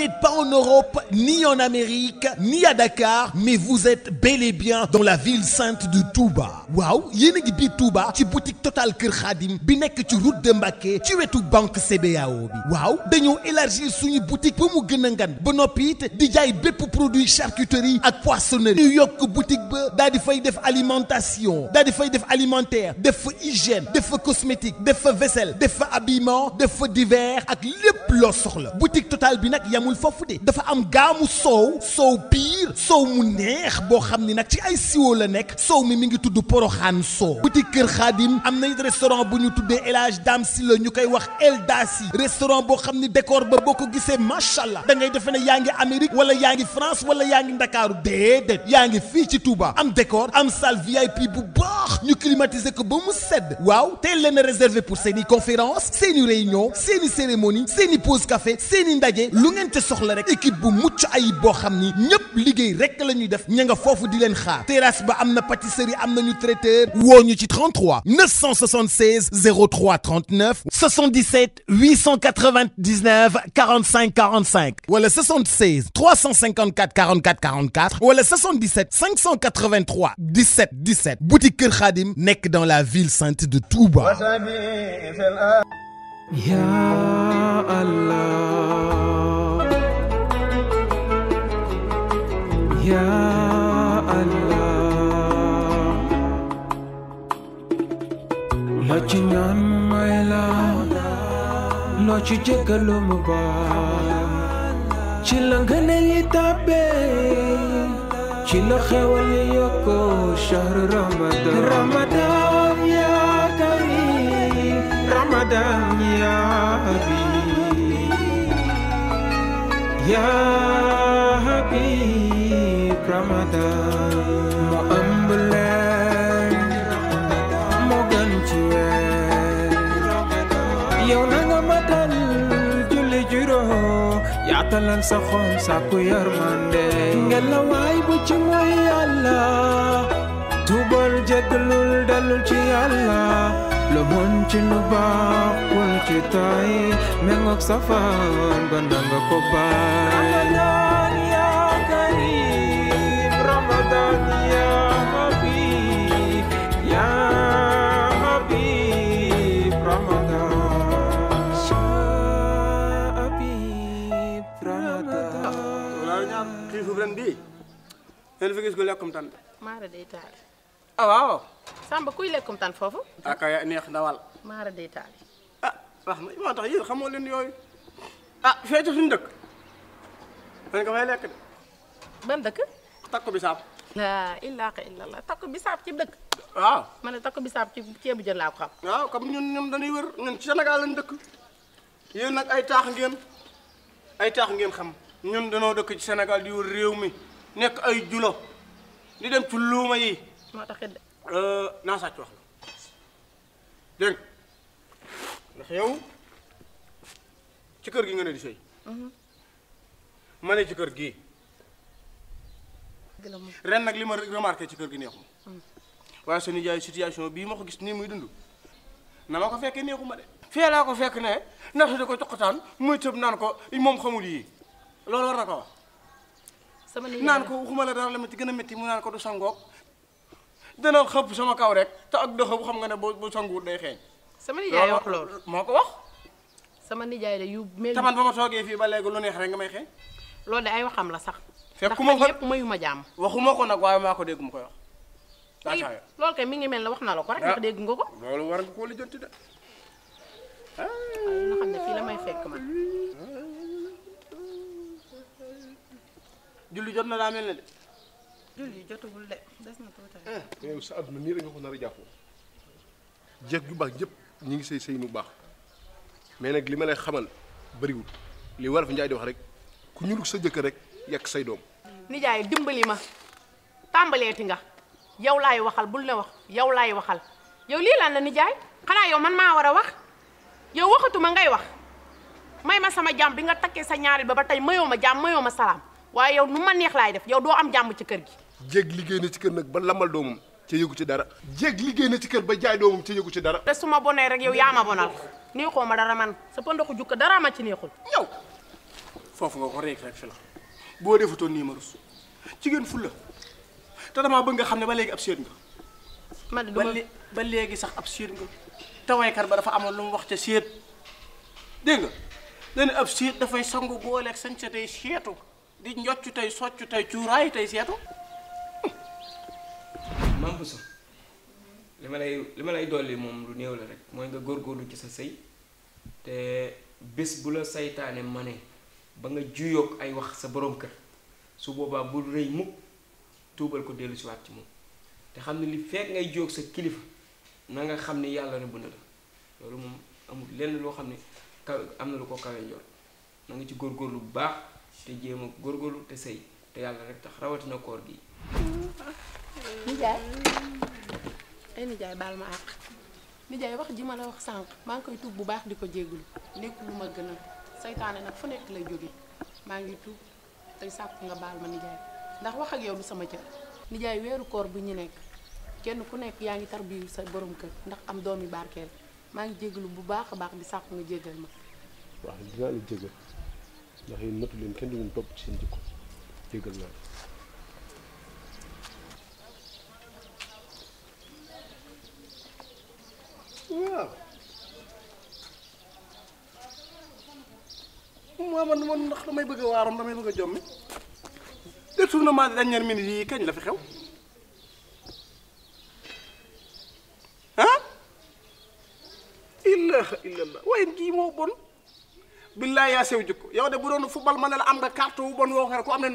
n'êtes pas en Europe, ni en Amérique, ni à Dakar, mais vous êtes bel et bien dans la ville sainte de Touba. waaw yéen a ngi biir Touba ci boutique totale Kër Khadim bi nekk ci route de Mbacké ci wetu banque CBAO bi waaw dañoo élargir suñu boutique ba mu gën a ngan ba noppi it di jaay bépp produit charcuterie ak poissonnerie ñu yokk boutique ba daa di fay def alimentation daa di fay def alimentaire def fa hygiène def fa cosmétique def fa vaisselle def fa habillement def fa divers ak lépp yemul foofu de dafa am gaamu soow soow piir soow mu neex boo xam ni nag ci ay siwo la nekk soow mi mi ngi tudd poroxaan soow boutique kër xaadim am nañ restaurant bu ñu tuddee El Hadj Dame si la ñu koy wax El Dasi restaurant boo xam ne décor ba boo ko gisee macha allah da ngay defe ne yaa ngi Amérique wala yaa ngi France wala yaa ngi Ndakaaru déedéet yaa ngi fii ci Touba am décor am salle VIP bu baax ñu climatiser ko ba mu sedd waaw teel leen a réservé pour seeni conférence seeni réunion seeni cérémonie seeni pause seeni ndaje lu ca soxla rek équipe bu mucc ayib boo xam ni ñëpp liggéey rek la ñuy def ña nga foofu di leen xaar terrasse ba am na pâtisserie am nañu traiteur woo ñu ci 33 976 03 39 77 899 45 45 wala 76 354 44 44 wala 77 583 17 17 boutique Kër Khadim nekk dans la ville sainte de Touba. Ya Allah ya Allah loo ci ñaan may la loo ci mu baal ci la ngëneel yi tàbbee ci la xewal shahru Ramadan ya karim Ramadan ya habib Ramadan moo ëmb leen gën ci weer yow na nga matal julli juróom yaatalal sa xol sàkku yërmande ngelaw waay bu ci mooy yàlla tuubal jéggalul dellul ci yàlla lu mën ci lu baax ci tay méngoog safaan ba nanga ko ne fi gis ko lekkum tan. maara day taali. ah waaw. Samba kuy lekkum tan foofu. ah kay neex dawal. maara day taali. ah wax na moo tax yéen xamoo leen yooyu ah feetu suñu dëkk man nga fay lekk de. ban dëkk. takku bisaab. laa ilaaha illallah takku bisaab ci dëkk. waaw ma ne takku bisaab ci ceebu jën laa ko xam. waaw comme ñun ñoom dañuy wër ñun Sénégal lañ dëkk yéen nag ay taax ngeen ay taax ngeen xam ñun danoo dëkk ci Sénégal di wër réew mi. nekk ay julo di dem ci luuma yi. moo taxit euh, naa sàcc wax la dégg ndax yow ci kër gi nga ne di sëy. Mhm. ma ne ci kër gi ren nag li ma remarqué ci kër gi neexuma. Mhm. waaye sa nijaay situation bii ma ko gis nii muy dund na ma ko fekkee neexuma de. fee laa ko fekk ne ndax di ko coqataan muy tëb naan ko moom xamul yii loolu war na ko wax. sama nijaay naan ko waxuma la dara la métti gën a métti mu naan ko du sangoog dana xëpp sama kaw rek ak doxa bu xam nga ne boo boo sanguwut day xeeñ. sama nijaay wax loolu moo ko wax. sama nijaay la yu mel. taman ba ma toogee fii ba léegi lu neex rek nga may xeeñ. loolu de ay waxam la sax. fekkuma ko yëpp mayuma jàmm. waxuma ko nag waaye maa ko dégg mu koy wax. loolu kay mi ngi mel ne wax na la ko rek ndax dégg nga ko. loolu war nga koo lijjanti de. na xam fii la may fekk man. julli jot na daa mel ne de. julli jotagul de des na eh. Eh, ko nar a jàppoo jeeg ju baax yëpp ñu ngi sëy sëy mu baax mais nag li ma lay xamal bariwul li war fa Njaay di wax rek ku ñuul sa jëkkër rek yàq say doom. nijaay dimbali ma tàmbaleeti nga yow laay waxal bul ne wax yow laay waxal yow lii lan la nijaay xanaa yow man maa war a wax yow waxatuma ngay wax may ma sama jaam bi nga takkee sa ñaari ba ba tey mayoo ma jàmm mayoo ma salaam. waaye yow nu ma neex laay def yow doo am jàmm ci kër gi jéeg liggéey na ci kër nag ba lamal doomam ca yëgu ci dara jéeg liggéey na ci kër ba jaay doomam ca yëgu ci dara te su ma bonee rek yow yaa ma bonal neexoo ma dara man sa pëndaxu jukka dara ma ci neexul yow foofu nga ko réeg rek fi la boo defutoon nii ma rus jigéen fulla te damaa bëgg nga xam ne ba léegi ab séet nga ma ba léegi sax ab séet nga tawaykat ba dafa amoon lu wax ca séet dégg nga dana dafay sangu booleeg sañ sa tey di njoccu tey soccu tey cuuraay tey seetu. maam Boussa li ma lay li lay dolli moom lu néew la rek mooy nga góorgóorlu ci sa sëy te bés bu la saytaane ma ne ba nga juyoog ay wax sa borom kër su boobaa bul rëy mukk tuubal ko dellu si waat ci moom te xam ne li fekk ngay jóog sa kilifa na nga xam ne yàlla rëbb na la loolu moom amul lenn loo xam ne ka am na lu ko kawe njor na nga ci góorgóorlu bu baax. te jéem a góorgóorlu te sëy te yàlla rek tax rawatina koor gi. nijaay eh, ay nijaay baal ma àq nijaay wax ji ma la wax sànq maa ngi koy tuub bu baax di ko jéggul nekk lu ma gën a seytaane nag fu nekk lay jóge maa ngi tuub te sàkku nga baal ma nijaay ndax wax ak yow du sama cër nijaay weeru koor bu ñu nekk kenn ku nekk yaa ngi tar biir sa borom kër ndax am doomi barkeel maa ngi jégalu bu baax a baax di sàkku nga jégal ma. waaw dinaa ndax yéen natu kenn du leen topp ci seen jikko jéggal naa waaw waaw man man ndax damay bëgg a waaram damay bëgg a jommi détournement de dernière minute yi kañ la fi xew ah. ilaaha illallah waaye kii moo bon. billaay yaa sew jikko yow de bu doon football ma ne la am nga carte wu bon woo xam ne ku am ne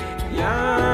noq ca